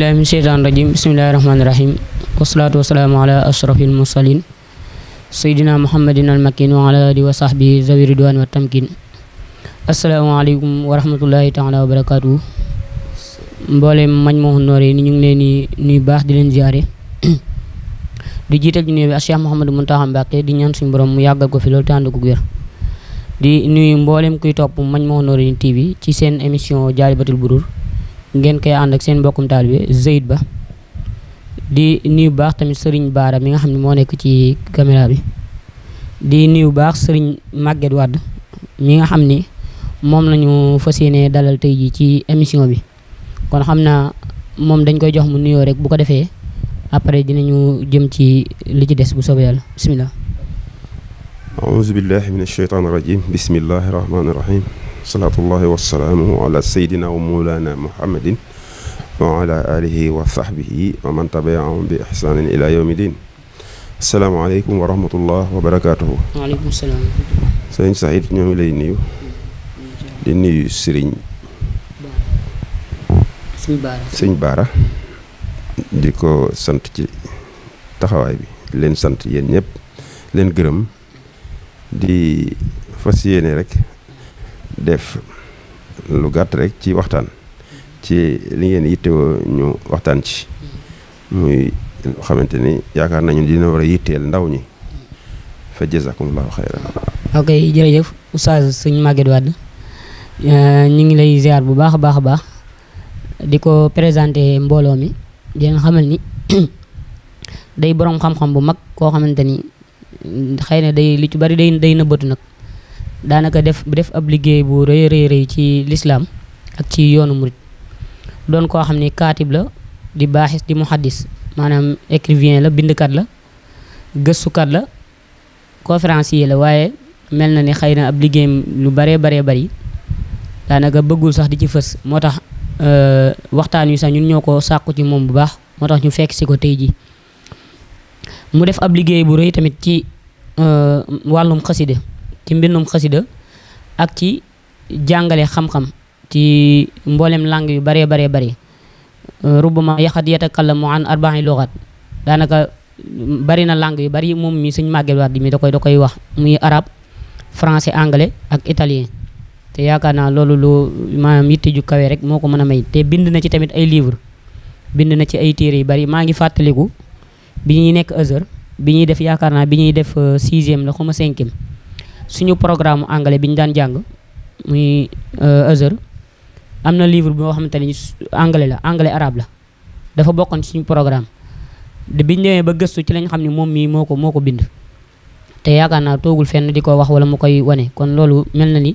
bismillahi min sheytaan rajim bismillahi rahmaani rahim wasalaatu wasalaamu ala ashrafil mursalin seydina muhammadin almakin wa ala alihi wa sahbihi zawi ridwaan wa tamkin asalaamaaleykum wa rahmatullahi taala wa barakaatu mboole mañ moo nooree ni ñu ngi leen di baax di leen ziare di jiital ñu nuyu bi ak Cheikh Mouhamadou Mountakha Mbacké di ñaan suñu borom mu yàggal ko fi loolu te ànd ko wér di nuyu mboolem kuy topp mañ moo nooree ni TV ci seen émission jaalibatul buruur ngeen koy ànd ak seen mbokkum bi Zeyd Ba di nuyu baax tamit Serigne Baara mi nga xam ne moo nekk ci caméra bi di nuyu baax Serigne Maguette Wade mi nga xam ni moom lañu fas yéene dalal tey ci émission bi kon xam naa moom dañ koy jox mu nuyoo rek bu ko defee après dinañu jëm ci li ci des bu soobee yàlla bisimilah. aouzu billahi min ashaytaan rajim bismillahi rahmaani rahim salaatullahi wasalaamu ala seydina wa mawlana muhammadin wa ala alihi wa sahbihi wa man tabiahum bi ihsaanin ila yawmi din asalaamaaleykum wa rahmatullah wa barakaatuhu waaleykum salaam sëriñ Saïd ñoo ngi lay nuyu di nuyu sëriñ sëñ Baara di ko sant ci taxawaay bi leen sant yéen ñëpp leen gërëm di fas yéene rek def lu gàtt rek ci waxtaan ci li ngeen yittewoo ñu waxtaan ci muy loo xamante ni yaakaar nañu dina war a yitteel ndaw ñi fa jazakumullahu xayran ok jërëjëf oustaz sëñ Maguette Wade euh, ñu ngi lay ziar bu baax a baax a baax di ko présenté mbooloo mi di leen xamal ni day boroom xam-xam bu mag koo xamante ni xëy na day li ci bari day day nëbbatu nag daanaka def def ab liggéey bu rëy rëy rëy ci lislaam ak ci yoonu murit doon koo xam ni kaatib la di baaxis di muhaddis maanaam écrivain la bindkat la gëstukat la yi la waaye mel na ni xëy na ab liggéeyam lu baree baree bari daanaka bëggul sax di ci fës moo tax euh, waxtaan wi sax ñun ñoo ko sàkku ci moom bu baax moo tax ñu fekk si ko tey ji mu def ab liggéey bu rëy tamit ci euh, wàllum xaside ci mbindum xasida ak ci jàngale xam ci mboolem langue yu baree baree bari rubbama yaxat yatakallamu an arba'i lugat daanaka bari na langue yu bari moom mi suñ màggel war di da koy da koy wax muy arab français anglais ak italien te yaakaar naa loolu lu maanaam yitte ju kawe rek moo ko mën a may te bind na ci tamit ay livre bind na ci ay téere yu bari maa ngi fàttaliku bi ñuy nekk Azhar bi ñuy def yaakaar naa bi ñuy def euh, sixième la xuma cinquième suñu programme anglais bi ñu daan jàng muy Azhar euh, am na livre boo xamante ni anglais la anglais arabe la dafa bokkoon suñu programme de biñ ñëwee ba gëstu ci lañ xam ne moom mii moo ko moo ko bind te yaakaar naa toogul fenn di ko wax wala mu koy wane kon loolu mel na ni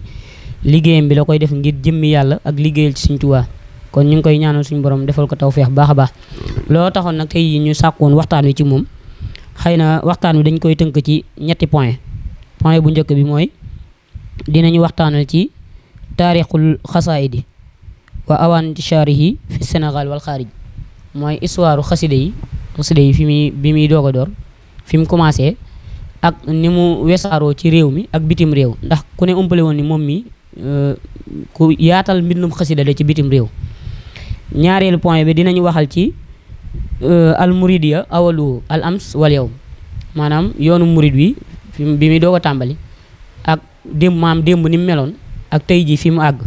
liggéeyam bi la koy def ngir jëmmi yàlla ak liggéeyal ci suñ tuwaa kon ñu ngi koy ñaanal suñu borom defal ko taw tawfeex baax a baax looloo taxoon nag tey ñu sàkkoon waxtaan wi ci moom xëy na waxtaan wi dañ koy tënk ci ñetti point point bu njëkk bi mooy dinañu waxtaanal ci taarixul xasaayidi wa awaan intishaarihi fi Sénégal wal xaarij mooy histoire xaside yi xaside yi fi muy bi muy doog a door fi mu commencé ak ni mu wesaaroo ci réew mi ak bitim réew ndax ku ne umpale woon ni moom mi euh, ku yaatal mbindum xasida la ci bitim réew ñaareelu point bi dinañu waxal ci euh, al muridiya awalu al ams wal yow maanaam yoonu murid wi fi bi muy doog a tàmbali ak démb maam démb ni mu meloon ak tey jii fi mu àgg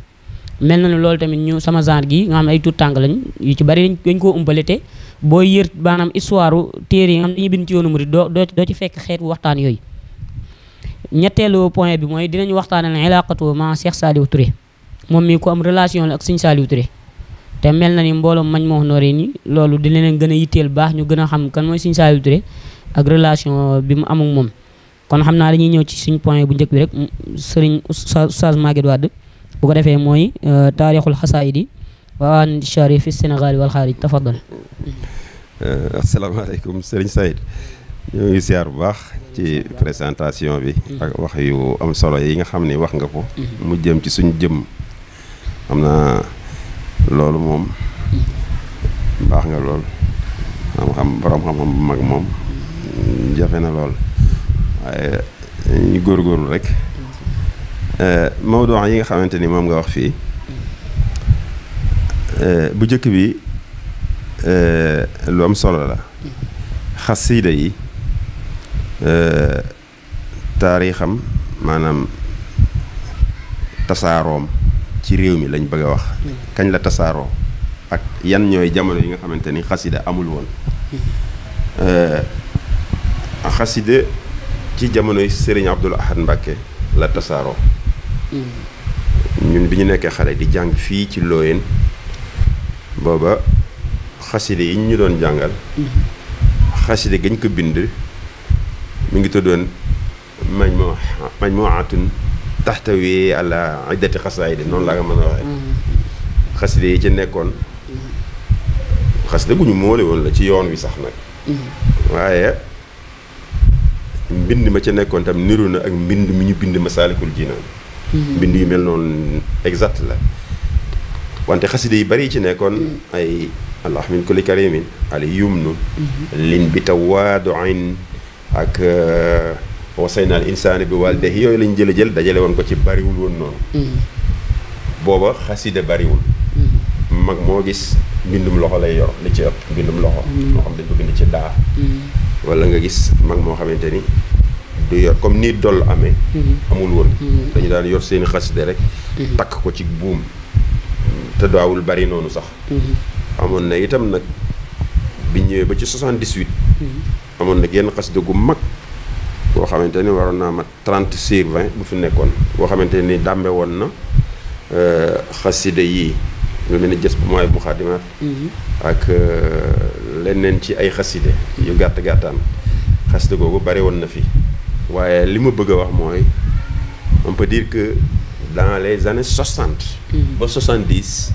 mel na ne loolu tamit ñu sama genre gi nga xam ne ay tuut tànk lañ yu ci bari dañ koo umpale boo yër maanaam histoire téere yi nga xam dañuy bind ci yoonu murid doo doo ci fekk xeetu waxtaan yooyu ñetteelu point bi mooy dinañ waxtaanal ilaqatu ma Cheikh Saliou Touré moom mii ko am relation la ak Serigne Saliou Touré te mel na ni mbooloo Majmahun Nurayni loolu di leen gën a yitteel baax ñu gën a xam kan mooy Serigne Saliou Touré ak relation bi mu am kon xam naa dañuy ñëw ci suñ point bu njëkk bi rek sëriñ Oustaz Maguette waad bu ko defee mooy euh, taarixul xasaayidi wa an shari fi Sénégal wal xaarij tafadal euh, asalaamaaleykum sëriñ Saïd ñoo ngi ziar bu baax ci présentation bi ak wax yu am solo yi nga xam ni wax nga ko mu jëm ci suñ jëm xam naa loolu moom baax nga lool xam-xam borom xam-xam mag moom jafe na lool waaye ñu góorgóorlu rek eh, Maodo wax yi nga xamante ni moom nga wax fii eh, bu njëkk bi eh, lu am solo la xasiida yi taarixam maanaam tasaaroom ci réew mi lañ bëgg a wax kañ la tasaaroo ak yan ñooy jamono yi nga xamante ni xasida amul woon xasida ci jamonoy Serigne Abdoul Ahad Mbacke la tasaaroo. ñun bi ñu nekkee xale di jàng fii ci Looyeen booba xaside yi ñu doon jàngal. xaside gañ ko bind mu ngi tuddoon majmu majmuatun taxtawi ala iddati xasaayid noonu laa nga mën a waxee. xaside yi ci nekkoon. xaside gu ñu moole woon la ci yoon wi sax nag. Mm-hmm. waaye. mbind ma ci nekkoon tam niru na ak mbind mi ñu bind Masaalikul Jinaan mhm. mbind yu mel noonu exact la wante xasida yi bari ci nekkoon mhm. ay allah min kulli karimin ali yumnu mhm. lin bi tawaaduin ak uh, wasaynaal insaani bi waalidayhi yooyu lañ jële jël dajale woon ko ci bariwul woon noonu booba xasida bariwul mag moo gis mbindum loxo lay yor li ci ëpp mbindum loxo moo xam dañ ko bind ci daa wala nga gis mag moo xamante ni du yor comme nii doll amee mhm. amul woon mhm. dañu daan yor seeni xaside rek mhm. takk ko ci buum te daawul bari noonu sax amoon na itam nag bi ñëwee ba ci 78 amoon na genn xaside gu mag boo xamante ni waroon naa ma 30 sur 20 bu fi nekkoon boo xamante ni dàmbe woon na euh, xaside yii lu mel ni jës bu mooy bu xaadimaat leneen ci ay xaside yu gàtt gàttaan xaside googu bari woon na fi waaye li ma bëgg a wax mooy on peut dire que dans les années soixante. Mm-hmm. ba soixante dix.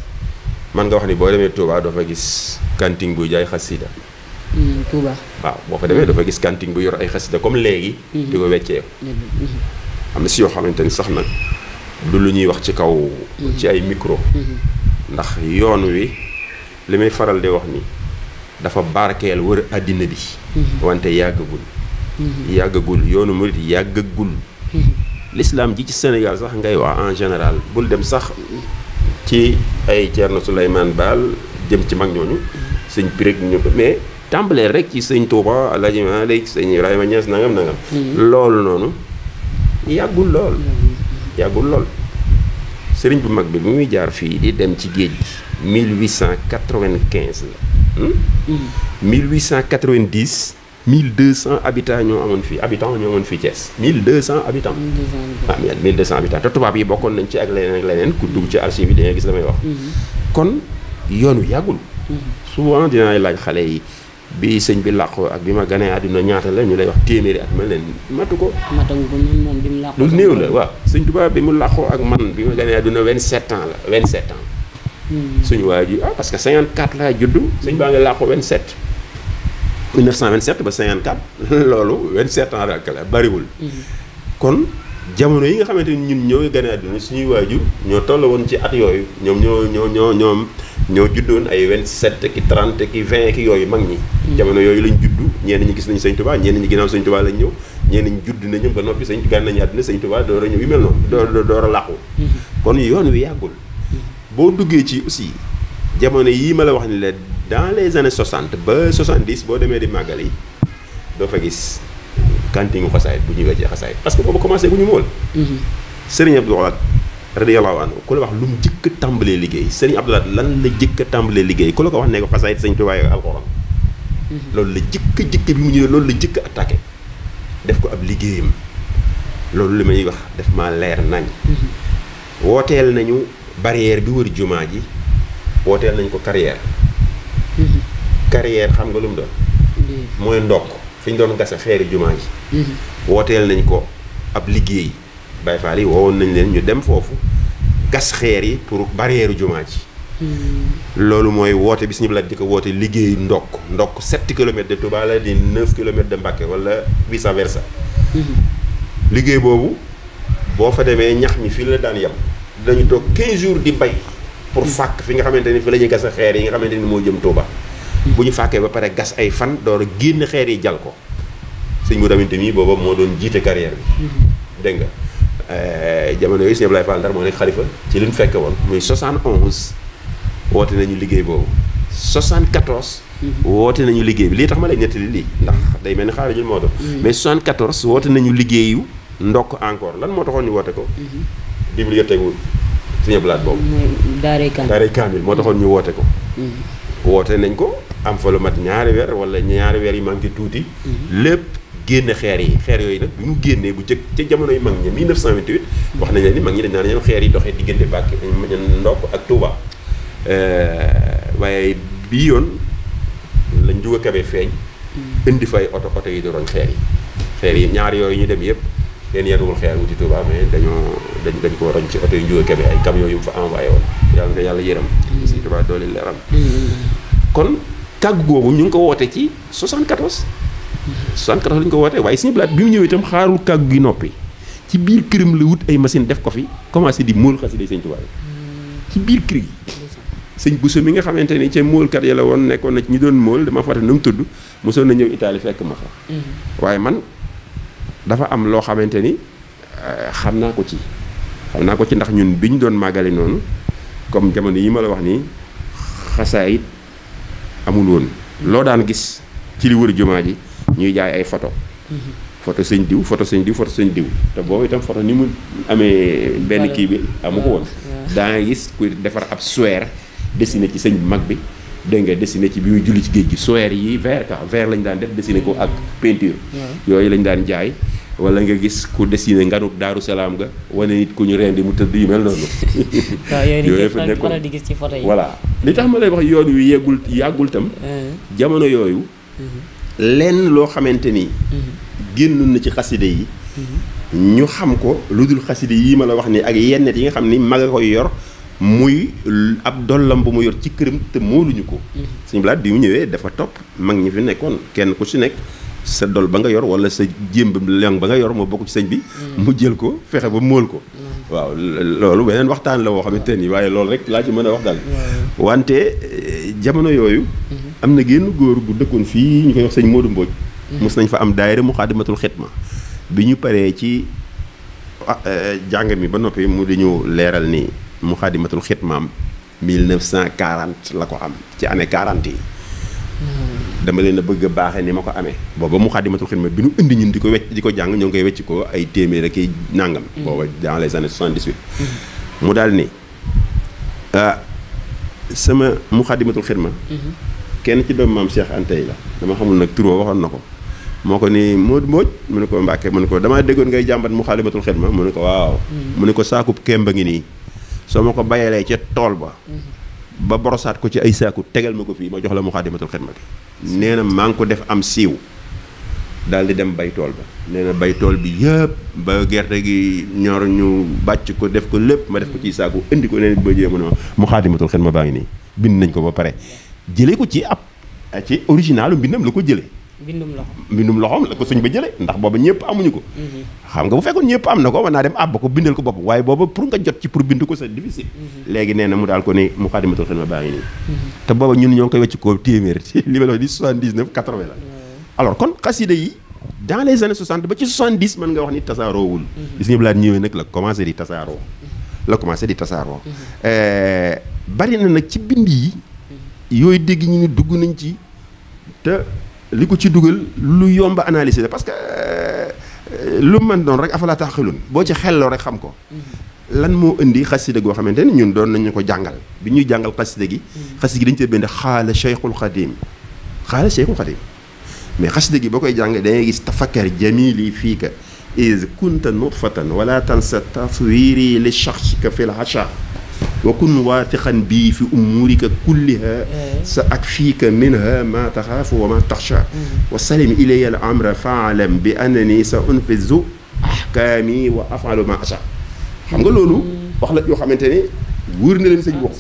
man nga wax ni boo demee Touba doo gis kanting buy jaay xasida mm, Touba waaw boo ko demee dafa gis kanting bu yor ay xasida comme léegi. Mm-hmm. di ko wecceeku. Mm-hmm. am na si yoo xamante ni sax nag du lu ñuy wax ci kaw. ci ay micro. ndax yoon wi li may faral di wax nii. dafa barkeel wër àddina bi mhm. wante yàggagul mhm. yàggagul yoonu mu murit yàggagul mhm. lislaam ji ci Sénégal sax ngay wax en général bul dem sax ci ay Thierno Souleymane Baal jëm ci mag ñooñu sëñ pireg ñu mais tàmbalee rek ci sëñ Touba Alaaji Maalik sëñ Ibrahima Niass nangam nangam loolu noonu yàggul lool yàggul lool sëriñ bu mag bi mu muy jaar fii di dem ci géej gi 1895 la hum mille 1890 cent habitants ñoo amoon fii habitants ñoo amoon fii Thiès 1200 habitants. 1200 ah 1200 habitants te tubaab yi bokkoon nañ ci ak leneen ak leneen ku dugg ci archive yi da gis damay wax. Hmm. kon yoon wi yàggul. Hmm. souvent dinaay laaj xale yi bi sëñ bi làqoo ak bi ma ganee àdduna ñaata la ñu lay wax téeméeri at ma leen matu ko. matagu ko ñun moom bi mu làqoo. lu néew la waaw sëñ tubaab bi mu làqoo ak man bi ma ganee àdduna 27 ans la 27 ans. Hmm. suñu waay ji ah parce que 54 laa judd. suñ baa ngi làqu 27. 1927 ba 54 loolu 27 ans rek la bariwul. Hmm. kon jamono yi nga xamante ni ñun ñoo gën a àdduna suñuy waajur ñoo toll woon ci at yooyu ñoom ñoo ñoo ñoo ñoom ñoo juddoon ay 27 ki 30 ki 20 ki yooyu mag ñi. Hmm. jamono yooyu lañ juddu ñenn ñi gis nañu sëñ Tuubaa ñenn ñi ginnaaw sëñ Tuubaa lañ ñëw. ñenn ñi judd nañu ba noppi sëñ gàn nañu àdduna sëñ Tuubaa door a ñëw yu mel noonu door door a làqu. kon yoon wi yàggul. boo duggee ci aussi jamono yii ma la wax ni la dans les années 60 ba 70 boo demee di màggal yi doo fa gis kantingu xasaay bu ñuy wecee xasaay parce que boobu commencé gu ñu mool mhm. sëriñ Abdoulaye radiyallahu anhu ku la wax lu mu jëkk tàmbalee liggéey sëriñ Abdoulaye lan la jëkk a tàmbalee liggéey ku la ko wax ne ko xasaay sëñ Tuubaa ak alxuraan mhm. loolu la jëkk jëkk bi mu ñëwee loolu la jëkk attaqué def ko ab liggéeyam loolu li may wax def ma leer nañ mhm. wooteel barrière bi wër jumaa ji wooteel nañ ko carrière mhm. carrière xam nga lu mu doon mooy ndokk fi ñu doon gasa xeeri jumaa ji mhm. wooteel nañ ko ab liggéey Baye Fall yi woon nañ leen ñu dem foofu gas xeer yi pour barrière jumaa ji mhm. loolu mooy woote bi si ñu bilaat di ko woote liggéey ndokk ndokk 7 kilomètres de Touba la di 9 kilomètres de Mbacké wala vice versa liggéey boobu boo fa demee ñax mi fii la daan yem dañu toog 15 jours di bay pour mm. fàkk fi nga xamante ni fi la ñuy gas a xeer yi nga xamante ni moo jëm Touba. Mm. bu ñu fàkkee ba pare gas ay fan door a génn xeer yi jal ko sëñ mu damante mii booba moo doon jiite carrière mm. dégg nga eh, jamono yooyu sëñ Ablaye Fall moo nekk xalifa ci li ñu fekk woon muy 71 woote nañu liggéey boobu 74 woote nañu liggéey lii tax ma lay nettali lii ndax day mel ni xaaral ñun moo doon mais 74 woote nañu liggéeyu ndokk encore lan moo taxoon ñu woote ko mm-hmm. bibliothèque wu Sëñ Abdu boobu. daaray kaamil daaray moo taxoon ñu woote ko. Mm-hmm. woote nañ ko am fa lu mat ñaari weer wala ñaari weer yi manqué tuuti. Mm-hmm. lépp génne xeer yi xeer yooyu nag bi mu génnee bu jëkk ca jamonoy mag ñi 1928. wax nañ leen ni mag ñi dañ naan ñoom xeer yi doxee diggante Mbàkke ndokk ak Touba. Euh, waaye bii yoon lañ juga kabe feeñ. Mm-hmm. indi fay oto oto yi di roñ xeer yi. xeer yi ñaari yooyu ñu dem yëpp. kenn yenuwul xeer wuti Touba mais dañoo dañ dañ ko roñ ci oto yu njuga kebe ay camion yu mu fa envoyé woon yàlla na yàlla yërëm si Touba doole leeram kon kàggu googu ñu ngi ko woote ci 74 74 lañ ko woote waaye si blaat bi mu ñëwee itam xaarul kàggu gi noppi ci biir këram la wut ay machine def ko fi commencé di móol xasida sëñ Touba ci biir kër gi sëñ Bousso mi nga xamante ni ca móolkat ya la woon nekkoon na ci ñi doon mool dama fàtte na mu tudd mosoon na ñëw Italie fekk ma fa mm-hmm. waaye man dafa am loo xamante ni euh, xam naa ko ci xam naa ko ci ndax ñun bi ñu doon màggale noonu comme jamono yi ma la wax nii xasaayit amul woon loo daan gis ci li wër jumaa ji ñuy jaay ay photo mm-hmm. photo sëñ diw photo sëñ diw photo sëñ diw te boobu itam photo ni mu amee benn kii bi amu ko woon daa gis kuy defar ab suweer dessiné ci sëñ bi mag bi dégg nga dessiné ci bi muy julli ci géej gi soweer yi vert vert lañ daan def dessiné ko ak peinture yooyu lañ daan jaay wala nga gis ku dessiné nganuk daaru salaam nga wane nit ku ñu rendi mu tëdd yu mel noonu yooyu fa nekkoon di gis ci photo yi li tax ma lay wax yoon wi yeggul yàggul tam jamono yooyu mm-hmm. lenn loo xamante ni mm-hmm. génn na ci xaside yi mm-hmm. ñu xam ko lu dul xaside yii ma la wax ni ak yennet yi nga xam ni mag a koy yor muy ab dollam bu mu yor ci këram te mooluñu ko. Mhm. sëñ Blaat bi mu ñëwee dafa topp mag ñi fi nekkoon kenn ku si nekk sa dol ba nga yor wala sa jéem lang ba nga yor moo bokk ci sëñ bi. Mhm. mu jël ko fexe ba mool ko. Mhm. waaw beneen waxtaan la woo xamante ni waaye loolu rek laa ci mën a wax daal. wante eh, jamono yooyu. am na génn góor gu dëkkoon fii ñu wax sëñ Modou Mbodj. mos nañ fa am daayira mu xaadimatul xidma bi ñu paree ci ah, eh, jàng mi ba noppi mu di ñu leeral nii. muxaadimatul xitmaam 1940 la ko am ci année 40 yi. dama leen a bëgg a baaxee ni ma ko amee. booba muxaadimatul ma bi nu indi ñun di ko wecc di ko jàng ñoo ngi koy wecc ko ay téeméer ki ay nàngam. Mm. booba dans les années 78. Mm. mu daal ni ah sama muxaadimatul xitma. Mm-hmm. kenn ci doomu maam Cheikh Anta yi la dama xamul nag tur waxoon na ko. moo ko ni Modou Mbodj mu ne ko Mbàkke mu ne ko damaa déggoon ngay jàmbat mu xaalimatul xidma mu ne ko waaw mm. mu ne ko saakub kemba ngi nii soo ma ko bayalee ca tool ba mhm. ba borosaat ko ci ay saaku tegal ma ko fii ma jox la mu xaadimatul xidma bi nee na maa ngi ko def am siiw daal di dem bay tool ba nee na bay tool bi yëpp ba gerte gi ñor ñu bàcc ko def ko lépp ma def ko ci mhm. saaku indi ko leen ba jee mu ne mu xaadimatul ma baa ngi nii bind nañ ko ba pare jëlee ko ci ab ci originalu mbindam la ko jëlee mbindum loxo mbindum loxoom la ko sëñ ba jëlee ndax booba ñëpp amuñu ko mhm. xam nga bu fekkoon ñëpp am na ko mën naa dem àbb ko bindal ko bopp waaye booba pour nga jot ci pour bind ko c'est difficile mhm. léegi nee na mu daal ko ni mu xaadimatul xidma baa ngi nii mhm. di 79 80 la ba tasaaroo la commencé di tasaaroo euh, bari na nag ci bind yi yooyu dégg ñu ni dugg nañ ci te li ko ci dugal lu yomb a la parce que euh, lu man doon rek afalaa taxilun boo ci xelloo rek xam ko lan moo indi xasida goo xamante ni ñun doon nañu ko jàngal bi ñuy jàngal xasida gi xasida gi dañu cee bind xaala cheikhul xadim xaala cheikhul xadim mais xasida gi boo koy jàng da ngay gis tafakkar jamili fii ka is kunta nutfatan wala tansa taswiri li shaxsika fi l acha wa kun waafiqan bii fi umuurika kulliha sa ak fiika minha ma taxaafu wa ma taxsha wa salim ilaya al amra faalam bi annani sa unfizu ahkaami wa afalu ma asha xam nga loolu wax la yoo xamante ne wóor na leen sëñ bi wax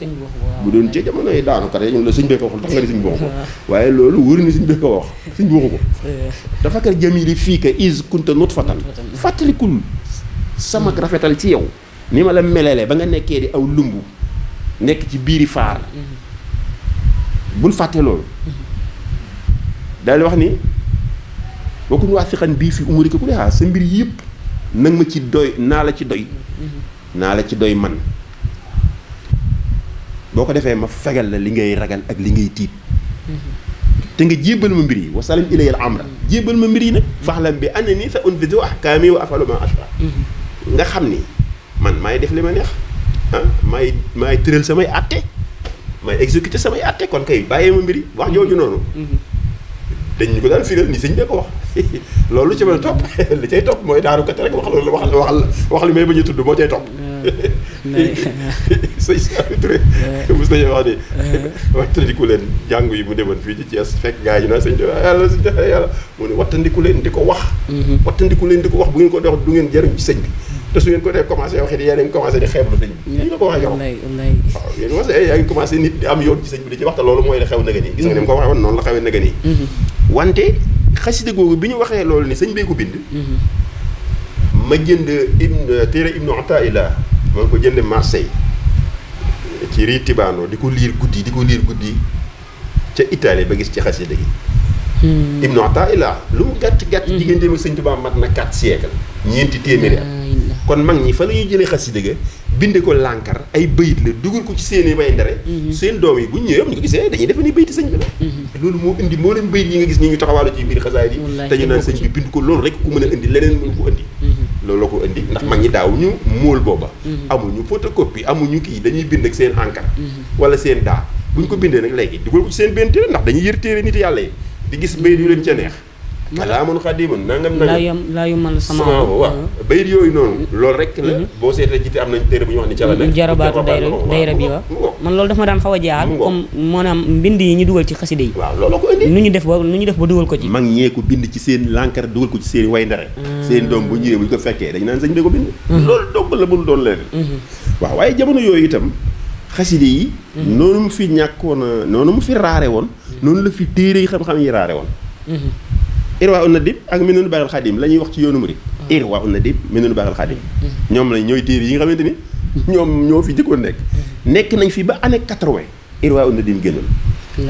bu doon ci jamono yi daanu kat ñu la sëñ bee ko waxul tax nga ni sëñ bi wax ko ah. waaye ko wax sëñ bi waxu ko eh. dafa kar jamili fii ka is kunta nutfatan fàttalikul sama rafetal ci yow ni ma la melalee ba nga nekkee di aw lumbu nekk ci biiri faar bul fàtte loolu daal di wax ni bokkul waa si xan bii fi umari ko ku dexaa ah, sa mbir yépp nag ma ci doy naa la ci doy naa la ci doy man boo ko defee ma fegal la li ngay ragal ak li ngay tiit te nga jébbal ma mbir yi wasalam am amra jébbal ma mbir yi nag faxlam bi anna ni sa unfisu ahkaami wa afalu ma ashra nga xam ni man maay def li ma neex ah maay maay tëral samay àtte maay exécuter samay atte kon kay bàyyee ma mbiri wax jooju noonu. dañ ñu ko daan firal ni sëñ bi ko wax loolu ci mën a topp li cay topp mooy daaru kat rek wax loolu wax wax wax li may bañ a tudd moo cay topp. sëñ Saliou Touré mos nañu wax ni wattandiku leen jàngu yi mu demoon fii ci Thiès fekk gars yi naa naan sëñ ah, yàlla sëñ yàlla mu ne wattandiku leen di ko wax mhm. wattandiku leen di ko wax bu ngeen ko dox du ngeen jariñ ci sëñ bi te su ngeen ko dee commencé waxee yéen yaa ngi commencé nit am yoon ci sëñ bi di ci waxta loolu mooy la xew nëgën gis nga ni mu ko waxee woon noonu la xewee nëgën mm-hmm. wante xasida googu bi ñu waxee loolu ni sëñ bee ko bind mm-hmm. ma jënd ibn téere ibnu ataillah ma ngi ko jënd Marseille ci rii tibaano di ko liir guddi di ko liir guddi ca Italie ba gis ci xasida gi hmm. ibnu ataillah lu mu gàtt gàtt mm-hmm. digganteem ak sëñ Tuubaa mat na 4 siècle ñeenti téeméeri at kon mag ñi fa la ñuy jëlee xasida ga binde ko lànkar ay bayit la dugal ko ci seeni bay ndare mhm. seen doom yi bu ñu ñëwee gisee dañuy defe ni bayti sëñ bi la mhm. loolu moo indi moo leen bayit nga gis ñi ñu taxawaalu ci biir xasaay yi te ñu naan sëñ bi bind ko rek ku mën a indi leneen mënu ko indi mhm. ko indi ndax mag ñi daaw ñu móol booba amuñu photocopie amuñu kii dañuy bind ak seen encre wala seen daa bu ñu ko bindee nag léegi dugal ko seen benn téere ndax dañuy yër téere nit yàlla yi di gis bayit yu leen ca neex kalaamun xadimun nangam nangam laa yomal sama waaw bayit yooyu noonu loolu rek la mhm. boo seetee jiite am nañ téere bu ñu wax ni ca la nekk jarabaatu dayra dayra bi waaw man loolu daf ma daan xaw a jaaxal comme maanaam mbind yi ñu dugal ci xaside yi waaw loolu ko indi nu ñu def ba nu ñu def ba dugal ko ci mag ñee ko bind ci seen lànkar dugal ko ci seen way ndare ah. seen doom bu ñëwee bu ñu ko fekkee dañ naan sañ de ko bind mhm. loolu dogg la mënu doon leneen mhm. waaw waaye jamono yooyu itam xaside yi noonu mu fi ñàkkoon noonu mu fi raare woon noonu la fi téere yi xam-xam yi raare woon irwa un nadib ak minanu baaxal xaadim la ñuy wax ci yoonu murid mm. irwa un nadib minanu baaxal xaadim mm. ñoom lañ ñooy téere yi nga xamante ni ñoom ñoo fi jëkkoon nekk mm. nekk nañ fi ba année 80 irwa un nadib génnoon 80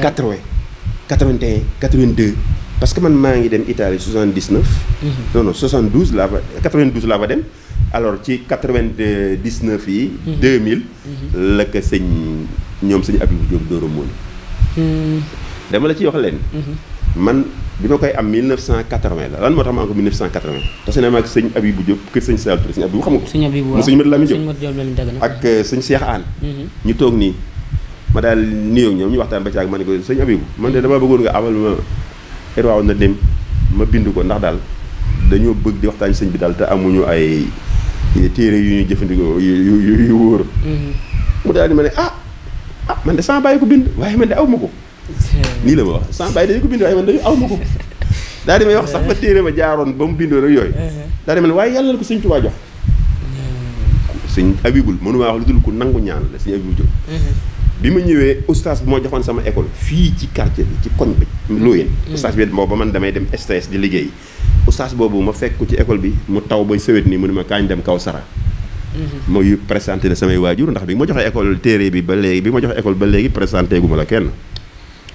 81 82 parce que man maa ngi dem Italie 79 mm-hmm. non non 72 laa fa 92 laa fa dem alors ci 99 yi 2000 mm-hmm. mm-hmm. la ko sëñ ñoom sëñ Abibou Diop Dóora Mooni dama la ciy wax leen man bi ma koy am 1980 la lan moo tax ma am ko 1980 tase naa ma ak sëñ Abibou Diop kër sëñ Sall Touré sëñ Abibou xam sëñ Abibou waaw sëñ Mat Lamine Diop ak euh, mhm. ñu toog nii ma daal nuyoo ñoom ñu waxtaan ba ci ak ma ne ko sëñ Abibou man de dama ma na dem ma bind ko ndax daal dañoo bëgg di waxtaan sëñ bi daal te amuñu ay téere yu jëfandikoo yu yu yu wóor. Mhm. mu di ma ne ah ah man de sama bàyyi ko bind waaye man de aw ma ko. nii la ma wax sans bàyyi dañu ko bind waaye man dañu aw ma ko daal may wax sax fa téere ma jaaroon ba mu bindoo rek yooyu uh-huh. daal di man waaye yàlla la ko sëñ Tuubaa jox uh-huh. sëñ abibul mënumaa wax lu dul ku nangu ñaan la sëñ abibul jox uh-huh. bi ma ñëwee oustaz bi moo joxoon sama école fii ci quartier bi ci koñ bi looyeen oustaz bi boobu ba man damay dem STS di liggéey oustaz boobu ma fekk ko ci école bi mu taw ba sëwét nii mu ne ma kaañ dem kaw sara mooy présenté la samay waajur ndax bi ma joxee école téere bi ba léegi bi ma joxee école ba léegi présenté gu ma la kenn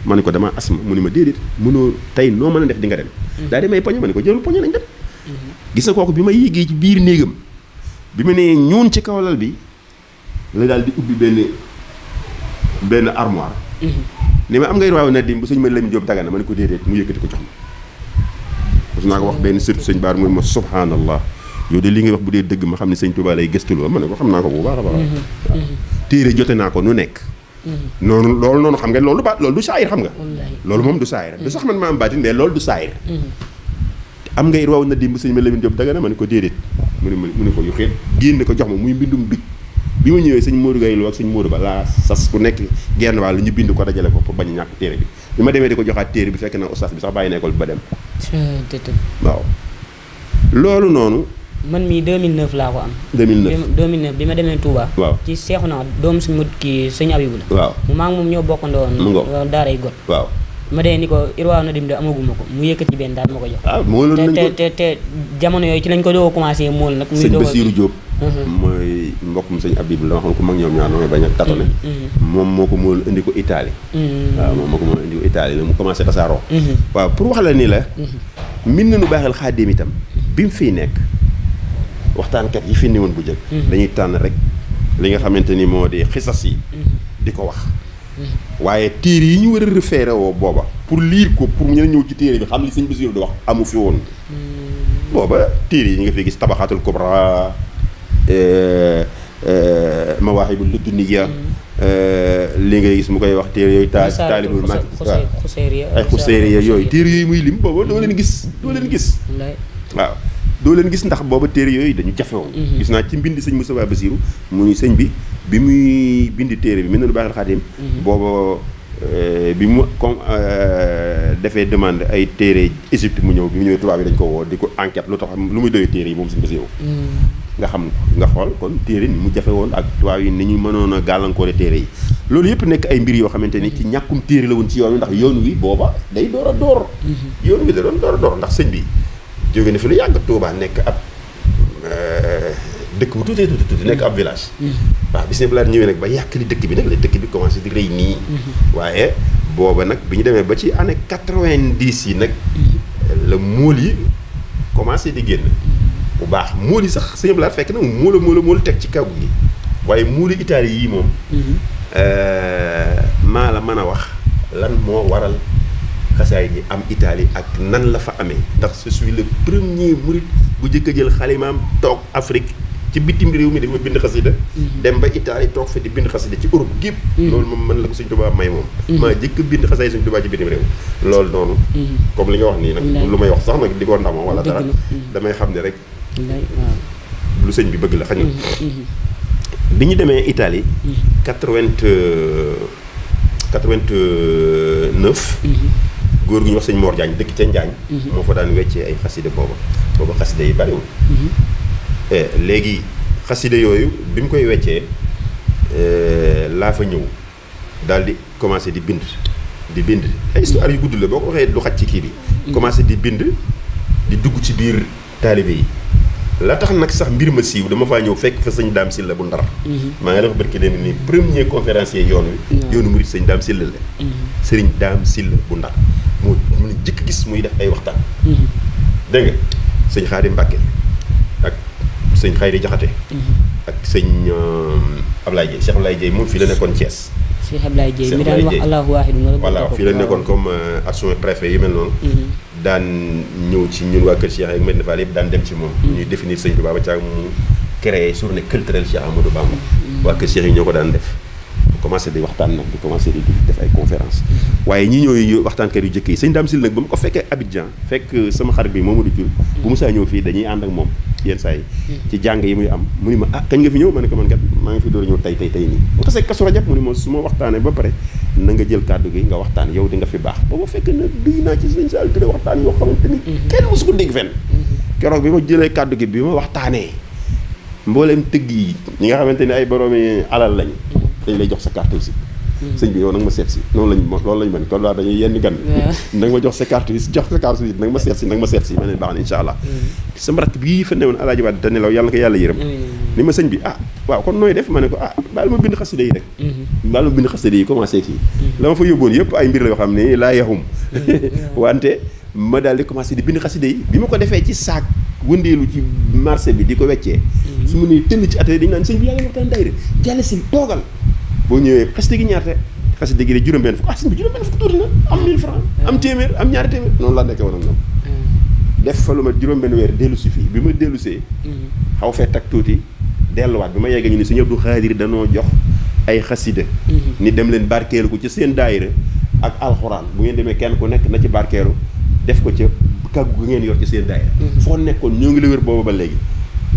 ma ne ko dama asma mu ni ma déedéet mënoo tey noo mën a def di nga dem mm-hmm. daa demay poñe ma ne ko jëlul poñe nañ dem mm-hmm. gis na kooku bi may yéegee ci biir néegam bi mu nee ñuun ci kawlal bi la daal di ubbi benn benn armoire mm-hmm. ni ma am ngay waaw na dim bu sëñ ma lem jóob dagana ma ne ko déedéet mu yëkkati ko jox ma su naa ko wax benn sëriñ sëñ baar mooy ma subhanallah yow de li ngay wax bu dee dëgg ma xam ne sëñ Tuubaa lay gëstuloo ma ne ko xam naa ko bu baax a baax téere jote naa ko nu nekk noonu loolu noonu xam nga loolu ba loolu du saayir xam nga loolu moom du saayir du sax man ma am baatin mais loolu du saayir am ngay raw na dimb sëñ ma Lamine Diop daga na ma ne ko déedéet mu ne mu ne ko yu ko jox ma muy mbindum bi bi ma ñëwee sëñ Modou Gaye lu ak sëñ Modou ba laa sas nekk genn wàll ñu bind ko dajale ko pour bañ ñàkk téere bi ma demee di ko joxaat téere bi fekk na oustaz bi sax bàyyi na école bi ba dem waaw loolu noonu man mii 2009 laa ko am. 2009 2009 bi ma demee Touba. waaw ci seexu naa doomu suñu kii sëñ Abibu la. waaw maa ngi moom ñoo bokkandoo woon. daaray got waaw. ma dee ni ko Irwaaw Nadim de amaguma ko mu yëkkati benn daal ma ko jox. Ah, ko te te te jamono yooyu ci lañ ko doo commencé mool nag. muy doog a sëñ Basiirou Diop. Uh-huh. mooy mbokkum sëñ Abib la nga a mm-hmm. Mm-hmm. ko mool mm-hmm. waaw moom moo ko mool indi ko Italie la mu commencé tasaaroo. waaw pour wax la ni la. min nañu baaxal xaadim itam bi mu fiy nekk. waxtaankat yi fi néewoon bu njëkk. Mm-hmm. dañuy tànn rek li nga xamante ni moo di xisas yi. Mm-hmm. di ko wax. Mm-hmm. waaye téere yi ñu war a référé woo booba pour liir ko pour ñu ñëw ci téere bi xam li sëñ Basiru di wax amu fi woon. booba téere yi ñu nga fi gis tabaxatul kubra eh, eh, mawaahibu laduniya eh, li ngay gis mu koy wax téere yooyu taal taalibul mat ay xuseeriya yooyu téere yooyu muy lim booba doo leen gis doo leen gis doo leen gis ndax booba téere yooyu dañu jafewoon mhm. gis naa ci mbindi sëñ Moustapha Bassirou muy sëñ bi bi muy bindi téere bi mel na lu baaxal xaatim mhm. booba euh, bi mu comme euh, defee demande ay téere Égypte mu ñëw ñëwee tubaab yi dañ ko woo di ko enquête lu tax lu muy doyee téere yi moom sëñ Bassirou mhm. nga xam nga xool kon téere ni mu jafe woon ak tubaab yi ni ñu mënoon a gàllankoore téere yi loolu yëpp nekk ay mbir yoo xamante ni ci ñàkkum téere la woon ci yoon wi ndax yoon wi booba day door a door yoon wi da doon door a door ndax sëñ bi jóge na fi lu yàgg Touba nekk ab dëkk bu tuutee tuuti tuuti nekk ab village. Mm-hmm. waaw bis ne balaa ñëwee nag ba yàq li dëkk bi nag la dëkk bi commencé di rëy nii. Mm-hmm. waaye booba nag bi ñu demee ba ci année quatre-vingt-dix yi nag. Mm-hmm. la mool yi commencé di génn. bu baax mool yi sax sëñ Ablaye fekk na mu mool a mool teg ci kaw gi waaye yi Italie yii moom. Euh, maa la mën a wax lan moo waral. xasaay yi am Italie ak nan la fa amee ndax je suis le premier murit bu jëkk a jël xalimaam toog Afrique ci bitim réew mi dafa bind xasida mhm. dem ba Italie toog fa di bind xasida ci Europe gépp mhm. loolu moom mën la ko suñ tubaab may moom mhm. maa jëkk bind xasaay suñ tubaab ci bitim réew loolu noonu comme li nga wax nii nag lu may wax sax nag di ko ndamoo wala dara damay xam ne rek lu sëñ bi bëgg la xañ na bi ñu demee itali quatre-vingt quatre-vingt-neuf góor gu ñu wax sëñ Mor Diagne dëkk ca Njaañ mhm. moo fa daan weccee ay xasida booba booba xasida yi bariwul mhm. eh, léegi xasida yooyu bi mu koy weccee eh, laa fa ñëw daal di commencé di bind di bind ay histoire yu gudd la boo ko waxee du xaj ci kii bi mhm. commencé di bind di dugg ci biir taalibe yi la tax nag sax mbir ma siiw dama faa ñëw fekk fa sëñ daam silla bu ndar maa ngi la wax barki leen ni premier conférencier yoon wi yoonu murit sëñ daam silla la sëriñ daam silla bu moo mun jëkk gis muy def ay waxtaan. Mm-hmm. dégg nga sëñ Xaadim Mbàkke ak sëñ Xayri Jaxate mm-hmm. ak sëñ euh, Ablaye Dieye Cheikh Ablaye Dieye moom fii la nekkoon cees Cheikh Ablaye Dieye mi daan wax Allahu Waahid voilà fii la nekkoon comme euh, action préfet yu mel noonu. Mm-hmm. daan ñëw ci ñun waa kër Cheikh ak Medina Fall yëpp daan dem ci moom. ñuy définir sëñ Touba ba caag mu créé journée culturelle Cheikh Amadou Bamba. waa kër Cheikh yi ñoo ko daan def. commencé di waxtaan nag di commencé di def ay conférence waaye ñi ñooy waxtaankat yu jëkk yi sëñ Dame Sylla nag ba mu ko fekkee Abidjan fekk sama xarit bi Mamadou Diouf bu mu ñëw fii dañuy ànd ak moom yenn saa yi ci jàng yi muy am mu ni ma ah kañ nga fi ñëw ma ne ko man kat maa ngi fi door a ñëw tey tey tey nii mu tasee Kazu Rajab mu ni ma su ma waxtaanee ba pare na nga jël kàddu gi nga waxtaan yow di nga fi baax booba fekk na duy naa ci sëñ Sall Touré waxtaan yoo xamante ni kenn mosu ko bi ma jëlee kàddu gi bi ma waxtaanee ñi nga xamante ni ay boroomi alal lañ dañ lay jox sa carte visite hmm. sëñ bi yow nag ma seet si noonu lañ loolu lañ mën kon daal dañuy yenn gan nag ma jox sa carte visite jox sa carte visite nag ma seet si nag ma seet si ma ne baax na insha allah hmm. sama rakk bii fa newoon alaaji waat da nelaw yàlla ko yàlla yërëm ni ma sëñ bi ah waaw kon nooy def ma ne ko ah baal ma bind xasida yi rek hmm. baal ma bind xasida yi commencé kii la ma fa yóbboon yëpp ay mbir la yoo xam ne laa yaxum wante ma daal di commencé di bind xasida yi bi ma ko defee ci saak wëndeelu ci marché bi di ko weccee su ma nee tëll ci atelier dañu naan sëñ bi yaa ngi waxtaan daayira jàll si toogal boo ñëwee xasida gi ñaata xasida gi de juróom-benn fukk ah sëñ bi juróom-benn fukk tuuti na am 1000 francs am ñaari téeméer noonu la nekkee woon ak mm. def fa lu ma juróom-benn weer dellu si fii bi ma dellu see mm. xaw fee tak tuuti delluwaat bi ma yeggee ñu ni sëñ Abdu Xaadir dañoo jox ay xasida mm-hmm. ni dem leen barkeelu ko ci seen daayira ak alxuraan bu ngeen demee kenn ku nekk na ci barkeelu def ko ca kàggu ngeen yor ci seen daayira mm-hmm. foo nekkoon ñoo ngi la wér ba léegi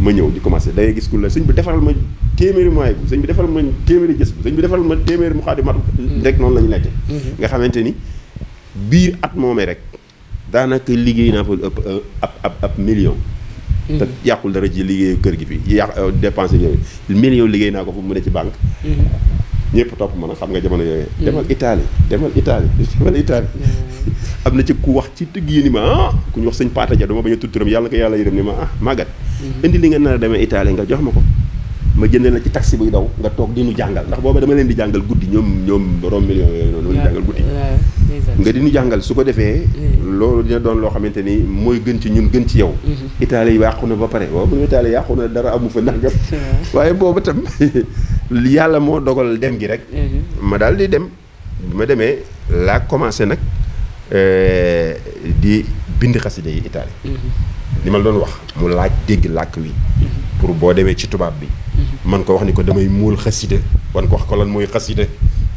ma ñëw di commencé da gis ku la sëñ bi defaral ma téeméeri moyen bu sëñ bi defaral ma téeméeri gës bu sëñ bi defaral ma téeméeri mu xaadi mat rek noonu la ñu nekkee mm-hmm. nga xamante ni biir at moomee rek daanaka liggéey naa fa ëpp euh, ab ab ab million mm-hmm. te yàqul dara ji liggéeyu kër gi fii yàq euh, dépensé yooyu million liggéey naa ko fu mu ne ci banque mm-hmm. ñëpp topp ma nag xam nga jamono yooyu demal Italie demal Italie demal Italie am na ci ku wax ci tëgg yi ni ma ah wax sëñ Paata Ja dama bañ a tudd yàlla ko yàlla yërëm ni ma ah indi li nga nar a demee Italie nga jox ma ko ma jëndal na ci taxi buy daw nga toog di nu jàngal ndax booba dama leen di jàngal guddi ñoom ñoom borom million yooyu noonu leen jàngal nga di nu jàngal su ko defee loolu dina doon loo xamante ni mooy gën ci ñun gën ci yow mm-hmm. Italie yàqu na ba pare waaw mu ne Italie yàqu na dara amu fa nangam waaye boobu tam yàlla moo dogal dem gi rek mm-hmm. ma daal di dem ma demee laa commencé nag euh, di bind xasida yi Italie mm-hmm. li ma la doon wax mu laaj dégg làkk wi pour boo demee ci tubaab bi man ko wax ni ko damay muul xasida wan ko wax ko lan mooy xasida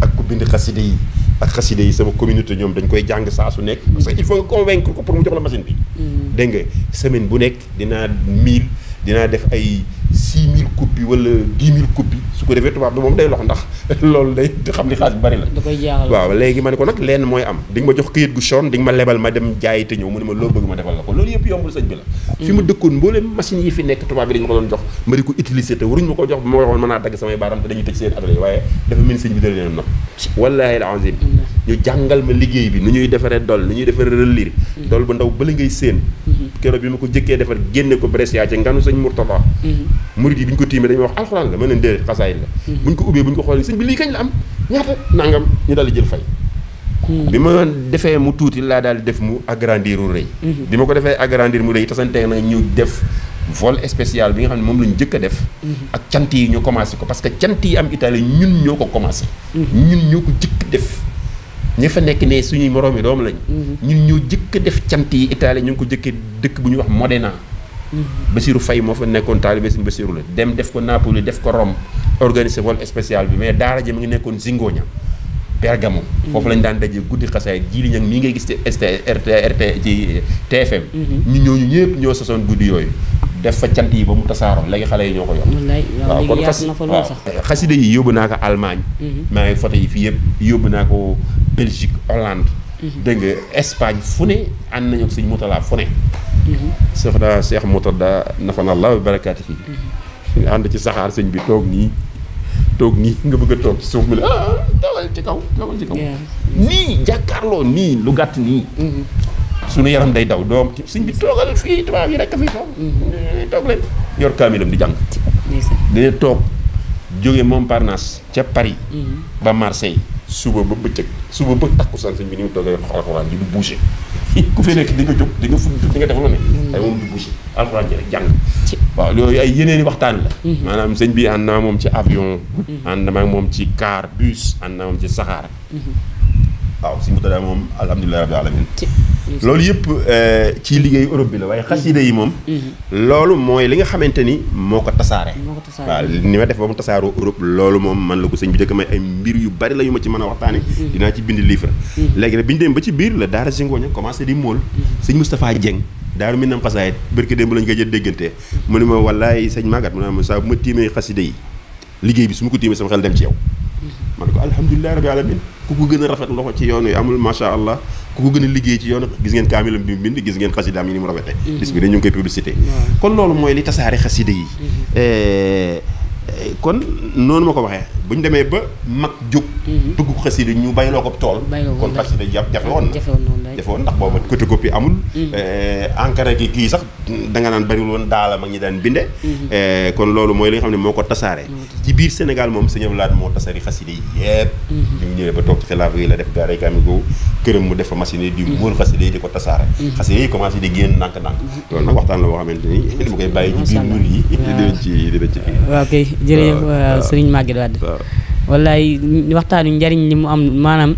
ak ku bind xasida yi ak xasida yi sama communauté ñoom dañ koy jàng saa su nekk parce que il faut nga convaincre ko pour mu jox la machine bi mm. dégg nga semaine bu nekk dinaa miil dinaa def ay six mille coupes yi wala dix mille coupes yi su ko defee tubaab bi moom day lox ndax lool day xam ni xaalis bari la. da koy jaaxal waaw léegi ma ne ko nag lenn mooy am di nga ma jox këyit gu sonn di ma lebal ma dem jaay te ñëw mu ne ma loo bëgg ma defal la ko loolu yëpp yombul bi la fi ma mm. dëkkoon mbooleem machines yi fi nekk tubaab bi dañu ma ko doon jox ma di ko utiliser te waruñu ma ko jox ma naa dagg samay baaram te dañuy tëj seen atelier waaye dafa mel sëñ bi dal leen nopp wallahi alazim mm. ñu jàngal ma liggéey bi nu ñuy defaree dol nu ñuy defaree relire mm. dol bu ndaw bële ngay keroog bi ma ko jëkkee defar génne ko Brescia ci nganu sëñ Mourtada mhm. murid yi bi ñu ko tiimee dañuy wax alxuraan la mën leen déedéet xasaayit la mhm. bu ko ubbee bu ñu ko xoolee sëñ bi lii kañ la am ñaata nangam ñu daal di jël fay mhm. bi ma defee mu tuuti laa daal def mu agrandir mu rëy bi ma ko defee agrandir mu rëy tasantee na ñu def vol spécial bi nga xam ne moom la ñu jëkk def ak cant yi ñu commencé ko parce que cant yi am Italie ñun ñoo ko commencé ñun ñoo ko jëkk def ñi fa nekk ne suñuy yi doom lañ. Mm-hmm. ñun ñoo jëkk def cant yi Italie ñu ngi ko jëkkee dëkk bu ñu wax Modena. Mm-hmm. Bassirou Faye moo fa nekkoon taalibe Sëñ Bassirou la dem def ko Napoli def ko Rome organiser vol spécial bi mais daara ja mi ngi nekkoon Zingoña Bergamo mm-hmm. foofu lañ daan dajee guddi xasaay jiili ñag mii ngay gis ci ST RT ci TFM. ñu ñooñu ñëpp ñoo sosoon guddi yooyu. def fa cant yi ba mu tasaaroo léegi xale yi ñoo ko yor waaw kon fas waaw xasida yi yóbbu naa ko Allemagne mhm. maa ngi yi fii yëpp yóbbu naa ko Belgique Hollande mhm. dégg nga Espagne fu ne ànd nañu ak sëñ Moutala fu ne mhm. Cheikh daa Cheikh Moutala nafanallahu barakaati fii ànd ci saxaar sëñ bi toog nii toog nii nga bëgg a toog ci suuf mi ah, la ci kaw nii jàkkaarloo nii lu gàtt nii suñu yaram day daw doom suñ bi toogal fii tubaab yi rek a fi toog. Mm-hmm. toog leen yor kaamilam di jàng. dina toog jóge moom Montparnasse ca Paris. Mm-hmm. ba Marseille suba ba bëccëg suba ba takkusaan sëñ bi ni mu toog yor alxuraan ji du bouché. ku fi nekk di nga jóg di nga fu di nga def lu ne. Mm-hmm. ay moom du bouché alxuraan ji rek jàng. waaw loolu ay yeneen i waxtaan la. maanaam sëñ bi ànd naa moom ci avion. ànd naa moom ci car bus ànd ci saxaar. waaw si mu tëddaa moom alhamdulilah rabbil alamin loolu yëpp euh, ci liggéeyu Europe bi la waaye xasida yi moom. Mhm. loolu mooy li nga xamante ni moo ko tasaare. waaw ni ma def ba mu tasaaroo Europe loolu moom man la ko sëñ bi jëkk may ay mbir yu bari la yu ma ci mën a waxtaanee. Mhm. dinaa ci bind livre. Mhm. léegi nag bi ñu dem ba ci biir la Daara Zingoña commencé di mool. sëñ Moustapha Dieng. daaru mi nam xasaayit barki bu lañu koy jël déggante mu ne ma wallaay sëñ Magat mu ne ma saa bu ma tiimee xasida yi liggéey bi su ko tiimee sama xel dem ci yow. man ko alhamdulilah rabbi alamin ku ko gën a rafet loxo ci yoon wi amul macha allah ku ko gën liggéey ci yoon gis ngeen kaamilam bi bind gis ngeen xasidaam yi ni mu rafete mm-hmm. bis ne ñu ngi koy publicité kon loolu mooy li tasaare xasida yi mm-hmm. eh, kon noonu ma ko waxee bu ñu demee ba mag jóg. bëgg mhm. ko xasida ñu bayloo ko tool. kon xasida jafe woon na jafe woon ndax booba photocopie amul. Mhm. Eh, encadré gi kii sax danga naan bariwul woon daala mag ñi daan binde. Mhm. Eh, kon loolu mooy li nga xam ne moo ko tasaare. ci biir Sénégal moom sëñ Abdou moo tasaari xasida yi yëpp. bi mu ñëwee ba toog ci xilaafa yi la def gaare kaami googu këram mu def fa machine yi di muur xasida yi di ko tasaare. xasida yi commencé di génn ndànk-ndànk. loolu nag waxtaan la boo xamante ni dama koy bàyyi ci biir mur yi. dinañ ci dinañ ci jërëjëf euh, sëriñ Maguette Wade wallaay waxtaanu njariñ li mu am maanaam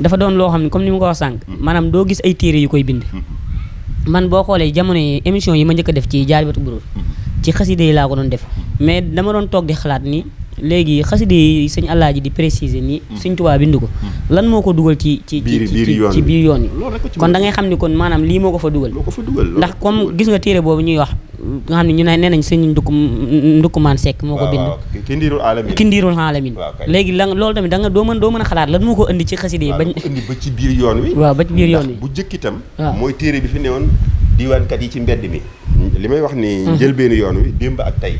dafa doon loo xam ne comme ni ma ko wax sànq mm-hmm. maanaam doo gis ay téere yu koy bind mm-hmm. man boo xoolee jamono yi émission yi ma njëkk def ci jaalibatu buróor mm-hmm. ci xaside yi laa ko doon def mais dama doon toog di xalaat ni léegi xaside yi sëñ Alaaji di préciser ni suñ Tuubaa bind ko lan moo ko dugal ci ci ci biir yoon yi kon da ngay xam ni kon maanaam lii moo ko fa dugal ndax comme gis nga téere boobu ñuy wax nga xam ne ñu ne nee nañ sëñ ndukkum ndukkumaan sekk moo ko bind kindiirul alamin kindiirul alamin léegi la loolu tamit da nga doo mën doo mën a xalaat lan moo ko indi ci xaside yi bañ indi ba ci biir yoon wi waaw ba ci biir yoon wi bu jëkk itam waaw mooy téere bi fi newoon diiwaankat yi ci mbedd mi li may wax ni njëlbeenu yoon wi démb ak tey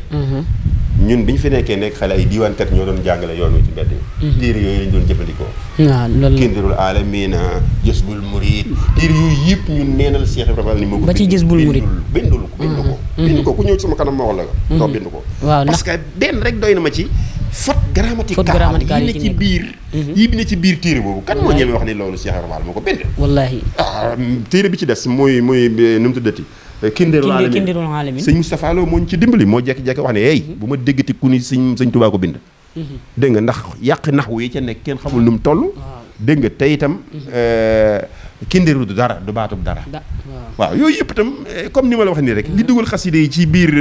ñun bi ñu fi nekkee nekk xale ay diiwaankat ñoo doon jàngale yoon wi ci mbedd yi. téere mm-hmm. yooyu lañ doon jëfandikoo. waaw loolu la kindirul aalamiina jësbul murid. téere yooyu yëpp ñun neenal Cheikh Ibrahima ni moo ko. ba ci jësbul murid bindul bindu ko. bindu mm-hmm. ko ku mm-hmm. ñëw la nga. ko. waaw parce que benn rek na ma ci. faute grammaticale yi ne ci bi ne ci biir téere boobu kan moo ñemee wax ni loolu Cheikh Ibrahima moo ko bind. wallaahi. Ah, téere bi ci des muy muy nu mu tuddati Eh, kindeerul alamin kindeerul alamin sëñ Moustapha Lo moo ñu ci dimbali moo jekki-jekki wax ne hey bu ma déggati ku ni sëñ sëñ ko bind mhm. dégg nga ndax yàq nax wu yi ca nekk kenn xamul nu mu toll dégg nga tey itam mhm. eh, kindeeru du dara du baatub dara waaw yooyu yëpp tam eh, comme ni ma la wax nii rek li dugal xaside yi ci biir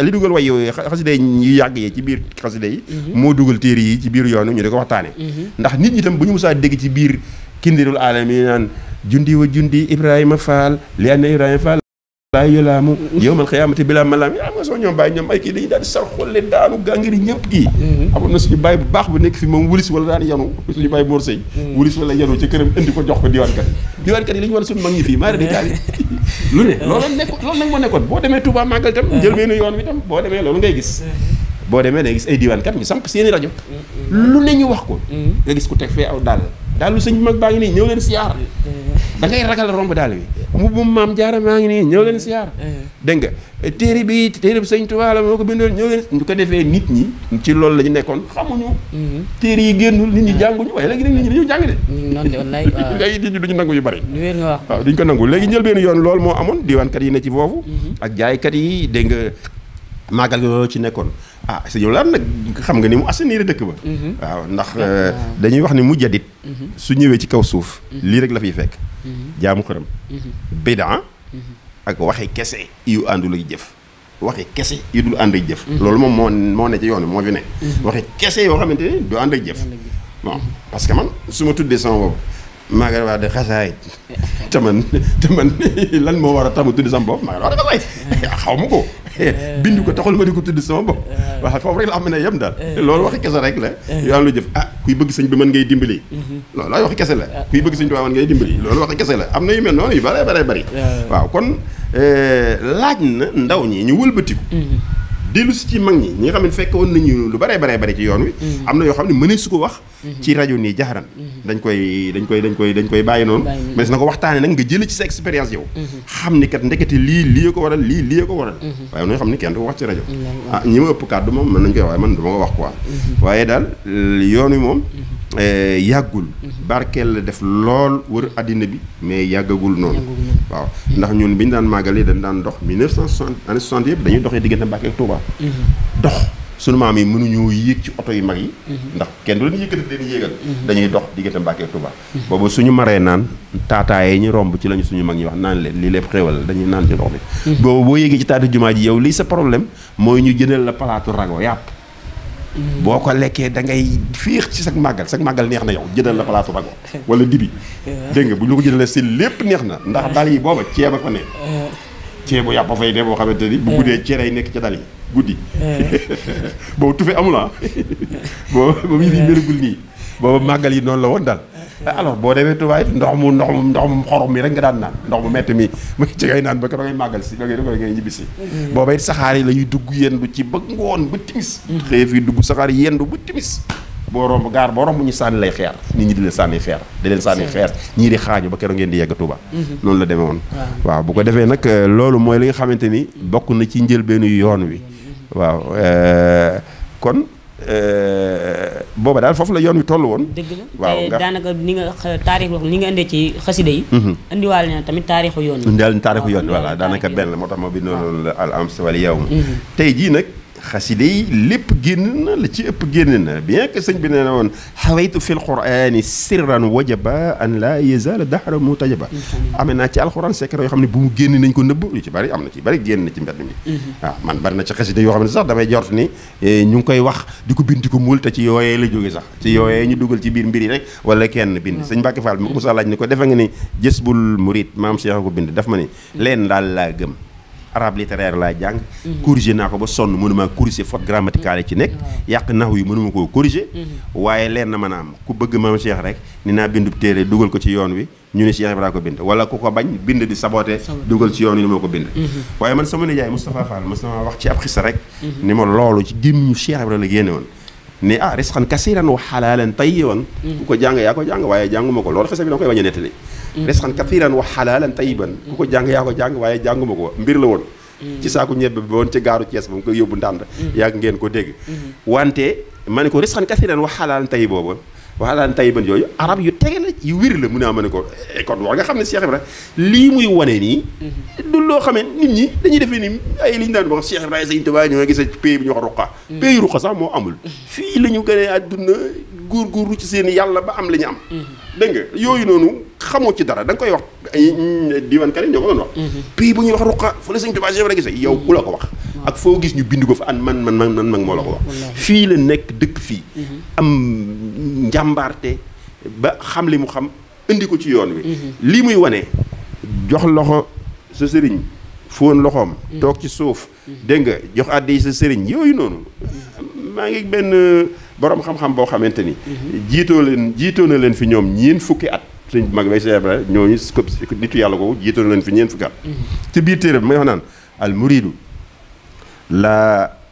li dugal way xaside yi yàgg yee ci biir xaside yi mhm. moo dugal téere yi ci biir yoonu ñu di ko waxtaane ndax nit ñi tam bu ñu musaa dégg ci biir kindeerul alamin naan jundi wa jundi Ibrahima Fall li ana bàyyi yëlaamu yowmal xiyaamati bilaa malaam yaa nga soo ñoom bàyyi ñoom ay kii dañuy daal di sar xolle daanu gàngari ñëpp gii mm-hmm. amoon na suñu bàyyi bu baax bu nekk fi moom wulis wala daan yanu suñu bàyyi Mor Seye mm-hmm. wulis wala yanu ci këram indi ko jox ko diwaankat yi diwaankat yi li ñu war suñu mag ñi fii maa di taali lu ne loolu nekk loolu nag moo nekkoon boo demee Touba màggal tam mm-hmm. jël meenu yoon wi tam boo demee loolu ngay gis boo demee ne gis ay diwaankat ñu samp seeni rajo lu ko teg fee aw dàll daalu sëñ bi mag baa ngi nii ñëw leen siyaar eh. da ngay ragal romb daal bi mu bu maam jaara maa ngi nii ñëw leen siyaar eh. dégg nga téere bi téere bi sëñ Tuubaa la moo ko bindoon ñëw ñu ko defee nit ñi ci loolu la ñu nekkoon xamuñu mm-hmm. téere yi génnul nit ñi ah. jànguñu waaye léegi nag nit ñi dañu jàng de mm, duñu nangu yu bari waaw duñ ko nangu léegi njëlbeen yoon loolu moo amoon diwaankat yi ne ci foofu mm-hmm. ak jaaykat yi dégg nga maagal gi loolu ci nekkoon ah sëñ yow laan nag xam nga ni mu assainir dëkk ba mm-hmm. waaw ndax ah. eh, dañuy wax ni mu su ñëwee ci kaw suuf lii rek la fiy fekk jaamu xërëm bidan ak waxi kese yu àndul ak jëf waxi kese yu dul ànd ak jëf loolu moom moo moo ne ci yoon moo fi ne waxi kese yoo xamante ne du ànd ak jëf bon parce que man su ma tuddee sama bopp Maguette Wade xasaayit te man lan moo war a tax ma tuddee sama bopp Maguette Wade xaw ma ko Eh, bind ko taxul ma di ko tudd sama bopp eh. waaw foofu rek la xam ne yem daal te eh. loolu waxi kese rek la yoo am lu jëf ah kuy bëgg sëñ bi mën ngay dimbali mm-hmm. loolu ay kese la am na yu mel noonu yu bare bare bari waaw kon laaj na ndaw ñi ñu wëlbatiku mm-hmm. dellu si ci mag ñi ñi nga xam ne fekk woon nañu lu bare bare bare ci yoon wi mm-hmm. am na yoo xam ne mënee su ko wax mm-hmm. ci rajo nii jaxaran mm-hmm. dañ koy dañ koy dañ koy dañ koy bàyyi noonu mais na ko waxtaane nag nga jële ci sa expérience yow xam ni kat ndekete lii lii ko waral lii lii ko waral waaye noo xam ne kenn du ko wax ci rajo ah ñi ma ëpp kàddu moom mën nañ koy waaye man du ma ko wax quoi waaye daal yoon wi moom Eh, yàggul mhm. barkeel la def lool wër àddina bi mais yàggagul noonu waaw mhm. ndax ñun bi ñu daan màggalee dañ daan dox 1960 année 60 yëpp dañuy doxee diggante Mbàkke ak Touba mhm. dox sunu yi mënuñoo yéeg ci oto yu mag yi ndax kenn du leen yëkkati leen yéegal dañuy dox diggante Mbàkke ak Touba boobu suñu maree naan taataayee ñu romb ci lañu suñu mag ñi wax naan leen lii lépp xéewal la dañuy naan ci ndox mi boobu boo yéegee ci taatu jumaa ji yow lii sa problème mooy ñu jëndal la palaatu rago yàpp boo ko lekkee da ngay féex ci sag màggal sag màggal neex na yow jëndal la palaatu bago wala dibi dégg nga bu ñu ko jëndalee si lépp neex na ndax dal yi booba ceeb a ko ne ceebu yàpp fay ne boo xamante ni bu guddee cere yi nekk ca dal yi guddi boobu tufe amula ah. boobu moom yi di méragul nii booba màggal yi noonu la woon daal Euh, alors boo demee tubaa it ndox mu ndox mu ndox mu xorom mi rek nga daan naan ndox mu metti mi mu ci ngay naan ba ko da ngay si da ngay da ngay si booba it saxaar yi la ñuy dugg yendu ci ba ngoon ba timis mm. xëy fi dugg saxaar yi yendu ba timis boo romb gaar boo romb ñu sànni lay xeer nit ñi di leen sànni xeer di leen sànni xeer ñii di xaañu ba keroog ngeen di yegg Touba noonu mm-hmm. la demee woon waaw bu ko defee nag euh, loolu mooy li nga xamante ni bokk na ci njëlbeenu yoon wi mm-hmm. waaw euh, kon Euh, booba daal foofu la yoon wi toll woon. dëgg waaw nga daanaka ni nga taarix li nga indee ci xasida yi. Mhm. indiwaale na tamit taarixu yoon wi. indiwaale na taarixu yoon wi voilà daanaka benn la moo tax ma bindoo loolu al amsi wal yawm mhm. tey jii nag. xaside yi lépp génn na la ci ëpp génn na bien que sëñ bi nee na woon xawaytu fi lqurani sirran wajaba an la yazala dahra mutajaba amee naa ci alquran secret yoo xam ne bu mu génn nañ ko nëbb lu ci bari am na ci bari génn na ci mbedd mi mhm. waaw man bari na ci xaside yoo xam ne sax damay jort ni e, ñu ngi koy wax di ko bind ko muul te ci yooyee la jóge sax ci yooyee ñu dugal ci biir mbir yi rek wala kenn bind mhm. sëñ Mbàkke Fall mi ko laaj ni ko defe nga ni jës bul murit maam Cheikh bind daf ma ni leen daal laa gëm arabe littéraire laa jàng. Mhm. corrigé naa ko ba sonn mënuma corrigé faute grammaticale yi ci nekk. Mhm. yàq naxu yi mënuma koo corrigé. Mhm. waaye leen na maanaam ku bëgg ma maam Cheikh rek ni naa bindub téere dugal ko ci yoon wi ñu ne Cheikh Ibrahima ko bind wala ku ko bañ bind di saboté dugal ci yoon wi ni moo ko bind. waaye man sama nijaay Moustapha Fall Moustapha wax ci ab xisa rek. ni ma loolu ci gémmiñu Cheikh Ibrahima la génne woon. ne ah risqan kasiran wa xalaalan tayiban mm. ku ko jàng yaa ko jàng waaye jànguma ko loolu xisa bi da koy bañ a nettali mm. risqan kasiran wa xalaalan tayiban mm. ku ko jàng yaa ko jàng waaye jànguma ko mbir la woon ci saaku ñebbe ba woon ci gaaru Cees ba mu koy yóbbu ndànd yàgg ngeen ko dégg mm-hmm. wante ma ne ko risqan kasiran wa xalaalan tayi booba waxalaan tayiban yooyu arab yu tege la yu wér la mu ne ah, ma ko eh, kon war nga xam ne Cheikh Ibra lii muy wane nii mhm. du loo xamee nit ñi dañuy defee ni ay li ñu daan wax Cheikh Ibra Sëñ Tuubaa ñoo gis pays bi ñu wax ruqa mhm. pays ruqa sax moo amul mhm. fii la ñu gënee àdduna góorgóorlu ci seen yàlla ba am la ñu am dégg yooyu noonu xamoo ci dara da koy wax ay diwan kane ñoo ko doon wax pays bu ñuy wax ruqa fa la Sëñ Tuubaa Cheikh Ibra gisee yow ku la ko wax ak foo gis ñu bind ko fa an man man man man mag moo la dëkk fii njàmbaarte ba xam li mu xam indi ko ci yoon wi mhm. lii muy wane jox loxo sa sëriñ fóon loxoom mhm. toog ci suuf mhm. dégg nga jox àddi sa sëriñ yooyu noonu maa ngi benn euh, borom xam-xam boo xamante ni jiitoo leen jiitoo na leen fi ñoom ñeen fukki at sëñ mag bay ñu ñooñu nitu yàlla ko jiitoo na leen fi ñeen fukki at ci biir téere bi may wax naan al muridu la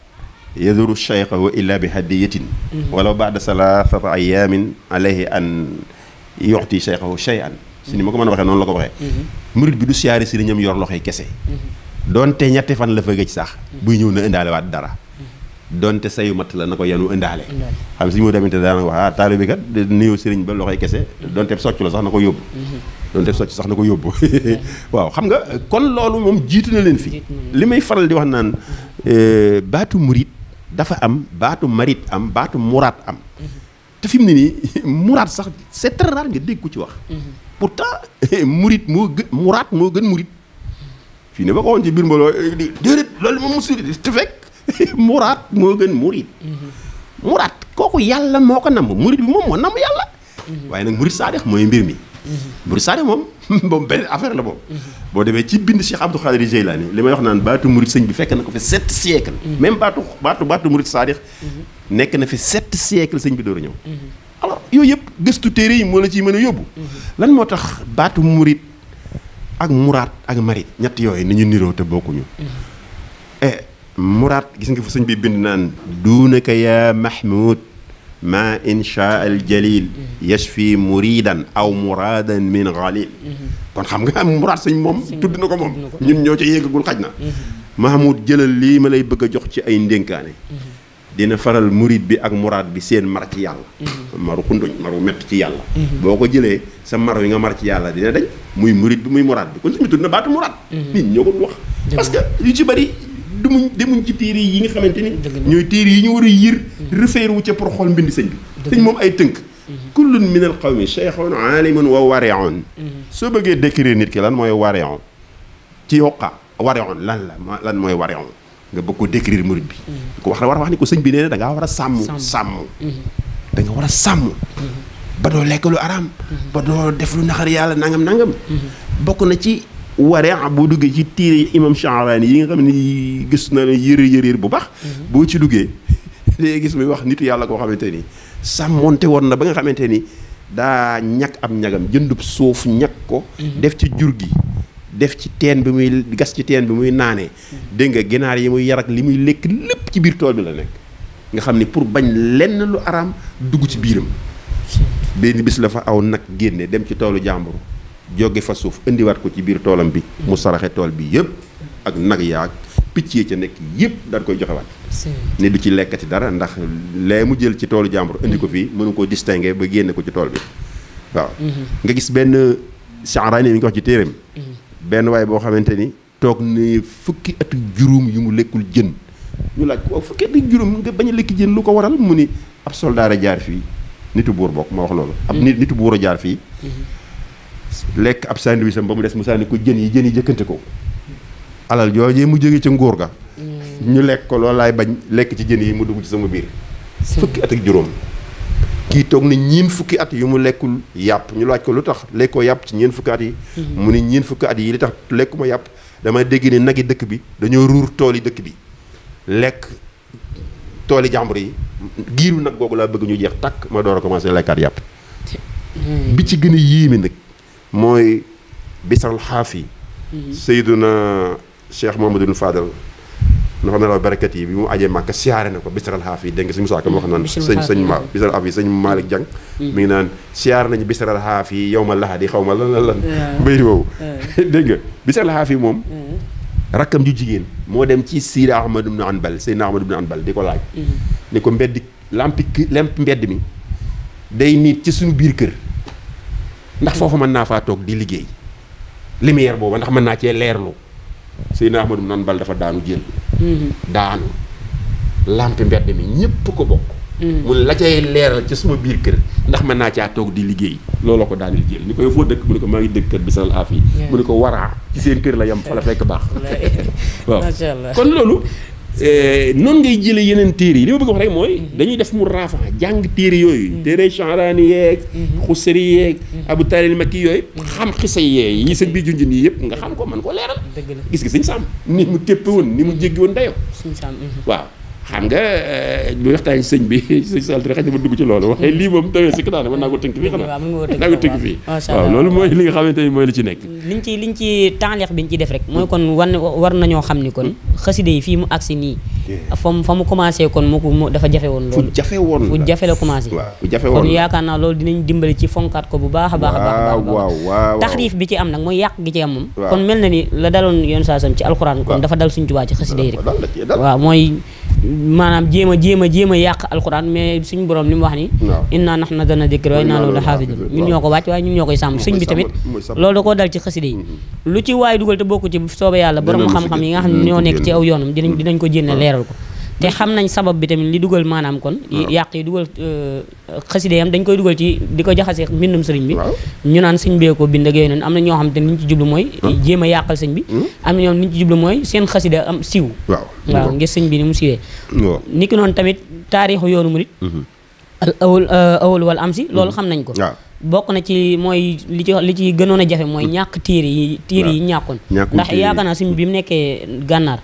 yaduru cheikha wa illa bi hadiyatin walaw baada salaasati ayaamin alayhi an yuxti cheikhahu cheyan si ni ma ko mën a waxee noonu la ko waxee murit bi du siyaare sëriñam yor loxoy kese donte ñetti fan la fa sax buy ñëw na indaale waat dara donte sayu matt la na ko yanu indaale xam si moo demante daana wax bi kat nuyoo sëriñ ba loxoy kese donte socc la sax na ko yóbbu donte socc sax na ko yóbbu waaw xam nga kon loolu moom jiitu na leen fii li may faral di wax naan eh، baatu murit dafa am baatu marit am baatu muraat am te fi mu ne nii muraat sax c'est très rare nga dégg ku ci wax pour pourtant murit moo gën muraat moo gën murit fii ne ba ci biir mbooloo eh, déedéet loolu moom musul te muraat moo gën murit muraat kooku yàlla moo ko namm murit bi moom moo namm yàlla mhm. waaye nag murit saa dex mooy mbir mi Mouride Sadio moom moom benn affaire la moom. Mhm. boo demee ci bind Cheikh Abdou Khadir Jeylaani li may wax naan baatu Mouride sëñ bi fekk na ko fi sept siècle mhm. même baatu baatu baatu Mouride Sadio. Mhm. nekk na fi sept siècle sëñ bi door a ñëw. alors yooyu yëpp gëstu téere yi moo la ci mën a yóbbu. lan moo tax baatu Mouride ak Mouraat ak Marit ñett yooyu ni ñu niroo te bokkuñu. Mouraat eh, gis nga fi sëñ bi bind naan duunaka yaa Mahmoud. ma insha al jalil yashfi muridan aw muradan min ghalil kon xam nga am muraad sëñ moom tudd na ko moom ñun ñoo ci yéegagul xaj na mhm. mahmoud jëlal lii ma lay bëgg a jox ci ay ndénkaane mhm. dina faral murid bi ak muraad bi seen mar ci yàlla mhm. maru xunduñ maru mett ci yàlla boo ko jëlee sa mar wi nga mar ci yàlla dina dañ muy murid bi muy muraad bi kon suñu tudd na baatu muraad nit ñoo ko wax parce que yu ci bari demuñ demuñ ci téere yi nga xamante ni ñooy téere yi ñu war a yir mm-hmm. refeer wu ca pour xool mbind sëñ bi sëñ moom ay tënk mm-hmm. kullun min al qawmi cheikhun alimun wa wareon mm-hmm. soo bëggee décrire nit ki lan mooy wareon ci yoqa wareon lan la lan mooy wareon nga bëgg ko décrire murid bi ko wax war a wax ni ko sëñ bi nee na war a sàmm sàmm da nga war a sàmm ba doo lekk lu araam ba doo def lu naxar yàlla nangam nangam bokk na ci waree boo duggee ci tiire imam Sha'rani yi nga xam ne gis na ne yëre yëre bu baax. boo ci duggee léegi gis muy wax nit yàlla koo xamante ni sàmmonte woon na ba nga xamante ni daa ñàkk am ñagam jëndub suuf ñàkk ko. Mhm. def ci jur gi. def ci teen bi muy gas ci teen bi muy naanee. Mhm. dégg nga ginaar yi mu yar ak li muy lekk lépp ci biir tool bi la nekk. nga xam ni pour bañ lenn lu araam dugg ci biiram. benn bis la fa aw nag génne dem ci toolu jàmbur. jóge fa suuf indiwaat ko ci biir toolam bi mu saraxe tool bi yëpp ak nag yaag picc yi ca nekk yépp daal koy joxewaat ne du ci lekkati dara ndax lee mu jël ci toolu jàmbur indi ko fii mm-hmm. mënu koo distinguer ba génne ko ci tool bi waaw mm-hmm. nga gis benn saxaraani mi ngi wax ci téeréem mm-hmm. benn waay boo xamante ni toog ne fukki at juróom yu mu lekkul jën ñu laaj ko fukki at juróom nga bañ lekk jën lu ko waral mu ni ab soldaar jaar fii nitu buur bokk ma wax loolu ab nit nitu a jaar fii lekk ab sandwich am ba mu des mu sànni ko jën yi jën yi jëkkante ko alal joojee mu jóge ca nguur ga mm. ñu lekk ko loolu laay bañ lekk ci jën yi mu dugg ci sama biir fukki at ak juróom kii toog na ñiin fukki at yu mu lekkul yàpp ñu laaj ko lu tax lekkoo yàpp ci ñeen fukki at yi mm-hmm. mu ne ñeen fukki at yi li tax lekkuma yàpp damay dégg ne nag yi dëkk bi dañoo ruur tool yi dëkk bi lekk tooli jàmbur yi giiru nag googu laa bëgg ñu jeex takk ma door a commencé lekkaat yàpp mm. bi ci gën a yéeme nag mooy bisal xaafi mhm. sayduna cheikh mahamadul fadal dafa ne la barakat yi bi mu ajee màkka siyaare na ko bisral xaaf yi dégg nga suñu saaka ma wax naan sëñ sëñ ma bisral xaaf yi sëñ Malick Diang mhm. mi ngi naan siyaar nañu bisral xaaf yi yow ma laxaat yi xaw ma lan lan lan yi moom mhm. rakkam jigéen moo dem ci Sidi Ahmad ibn Anbal Seydina Ahmad ibn di ko laaj ni ko mbedd lampi lamp mbedd mi day niit ci suñu biir kër ndax foofu mën naa faa toog di liggéey lumière booba ndax mën naa cee leerlu Seydina Ahmadou nan bal dafa daanu jël mm-hmm. daanu lampi mbedd mi ñëpp ko bokk mm-hmm. mun la cay leeral ci suma biir kër ndax mën naa caa toog di liggéey looloo ko daanil jël ni koy foo dëkk mu ne ko maa ngi dëkk kër bi sanal aaf mu ne ko waraa ci seen kër la yem fa la fekk baax kon loolu Euh, noonu ngay jëlee yeneen téere yi li ma bëgg wax rek mooy mhm. dañuy def mu raafa jàng téere yooyu mhm. téere chanraani yeeg xusari mhm. yeeg abu taalil makki yooyu xam xisa yeeg yi sa biir junjin yi yëpp nga xam ko man ko leeral gis gis sañ sàmm ni mu téppe woon ni mu jéggi woon dayoo waaw xam nga euh, bu waxtaan sëñ bi sëñ Sall xëy na ma dugg ci loolu waaye lii moom tawee si kanam mën naa ko tënk fii waaw loolu mooy li nga xamante ni mooy li ci nekk liñ ci liñ bi ñu ciy def rek mooy kon war nañoo xam ni kon hmm? xaside yi fii mu agsi nii fam fa mu commencé kon mu ko mu dafa jafe woon loolu fu jafe woon fu jafe la commencé fu woon kon yaakaar naa loolu dinañ dimbali ci fonkaat ko bu baax a baax a baax waaw waaw taxriif bi ci am nag mooy yàq gi ci am moom kon mel na la daloon yoon saa sam ci alxuraan kon dafa dal suñ tubaa ci xaside maanaam jéem a jéem a jéem a yàq alquran mais suñu borom li mu wax ni inna nax na dana dikk waaye naa loolu xaafidun ñun ñoo ko wàcc waaye ñun ñoo koy sàmm suñ bi tamit loolu da koo dal ci xasida yi mm-hmm. lu ci waaye dugal te bokku ci soobee yàlla borom xam-xam yi nga xam ne ñoo nekk ci aw yoonam dinañ mm-hmm. dinañ ko jénne ah. leeral ko te xam nañ sabab bi tamit li dugal maanaam kon yàq yi dugal euh, xaside yam dañ koy dugal ci di ko jaxase mbindum sëriñ bi ñu naan sëñ beekoo bind ak yooyu am na ñoo xam te liñ ci jublu mooy jéem a yàqal sëñ bi hmm. am na ñoom ci jublu mooy seen xaside am siiw waaw sëñ bi ni mu siiwee tamit taarixu yoonu murit hmm. al euh, wal am si loolu hmm. xam nañ ko bokk na ci mooy li ci li ci gënoon a jafe mooy ñàkk tiir yi tiir yi ñàkkoon ndax yaakaar naa sëñ bi mu nekkee gànnaar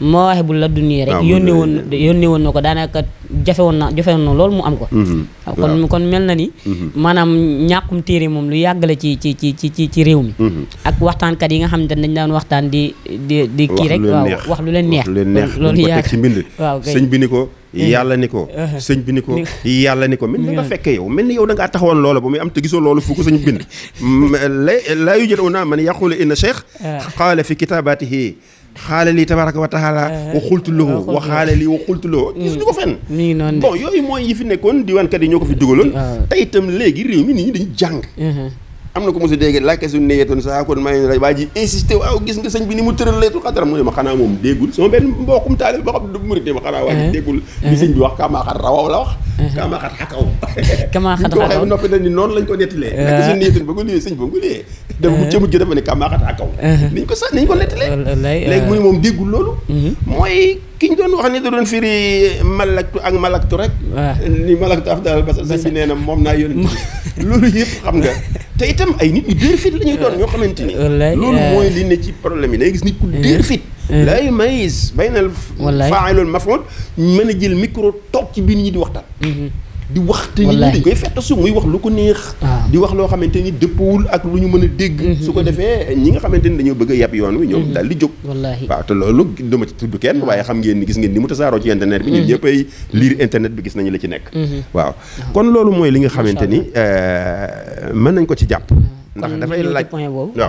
mawaaxibul la dunya rek ah, yónnee woon yónnee woon na ko daanaka jafe woon na jafe na loolu mu am ko mhm. ah, kon kon mel na ni mhm. maanaam ñàkkum téere moom lu yàggale la ci ci ci ci ci réew mi mhm. ak waxtaankat yi nga xam ne dañ daan waxtaan di di di kii rek waaw wax lu leen neex loolu yàgg ci mbind waaw sëñ bi ni ko eh. yàlla ni ko eh. sëñ bi ni ko yàlla ni ko mel ni nga fekke yow mel ni yow dangaa ngaa taxawoon loola ba muy am te gisoo loolu fu ko sëñ bind la laa yujadu naa man yaqulu inna cheikh eh. qaala fi kitaabatihi xaale lii tabaraka wa taala eh, eh. wa xultu lahu wa xaale lii wa xultu lahu mm. gis ñu ko fenn bon yooyu mooy yi fi nekkoon diwaankat yi ñoo ko fi dugaloon te itam léegi réew mi nit ñi dañu jàng eh, am na ko mos a dégg laajte suñu neyeetoon sax kon maa ngi lay waa ji insisté waaw gis nga sëñ bi ni mu tëral laytul xadar mu ne ma xanaa moom déggul sama benn mbokkum taalib boo xam ne du ma xanaa waa ji eh. bi wax kaamaaxat rawaw la wax eh. kaamaaxat xakaw kaamaaxat xakaw waxee noppi dañ ni noonu lañ ko nettalee nag suñu neyeetoon ba nga liyee sëñ ba nga liyee eh. dafa mu cëmut gi dafa ne kaamaaxat xakaw niñ ko sax niñ ko nettalee léegi mu ne moom déggul loolu mm-hmm. mooy ki ñu doon wax ni da doon firi eh, malaktu ak malaktu rek. Ah. li malaktu afdal basar sëñ bi nee na moom naa yónni. loolu yëpp xam nga. te itam ay nit ñu déer fit doon ñoo xamante ni. loolu ah. mooy li ne ci problème yi day gis nit ku déer eh. fit. Eh. la yumayyiz bayna al faa'il wal maf'ul mën a jël micro toog ci biir ñi di waxtaan. Mm-hmm. di wax te nit ñi koy fett su muy wax lu ko neex ah. di wax loo xamante ni dëppawul ak lu ñu mën a dégg mm-hmm. su ko defee ñi nga xamante ni dañoo bëgg a yàpp yoon wi ñoom mm-hmm. daal di jóg waaw te loolu dama ci tudd kenn waaye xam ngeen ni gis ngeen ni mu tasaaroo ci internet bi ñun mm-hmm. ñëpp ay lire internet bi gis nañu la ci nekk waaw ah. kon loolu mooy li nga xamante ni euh, mën nañ ko ci jàpp ah. ndax dafay laaj waaw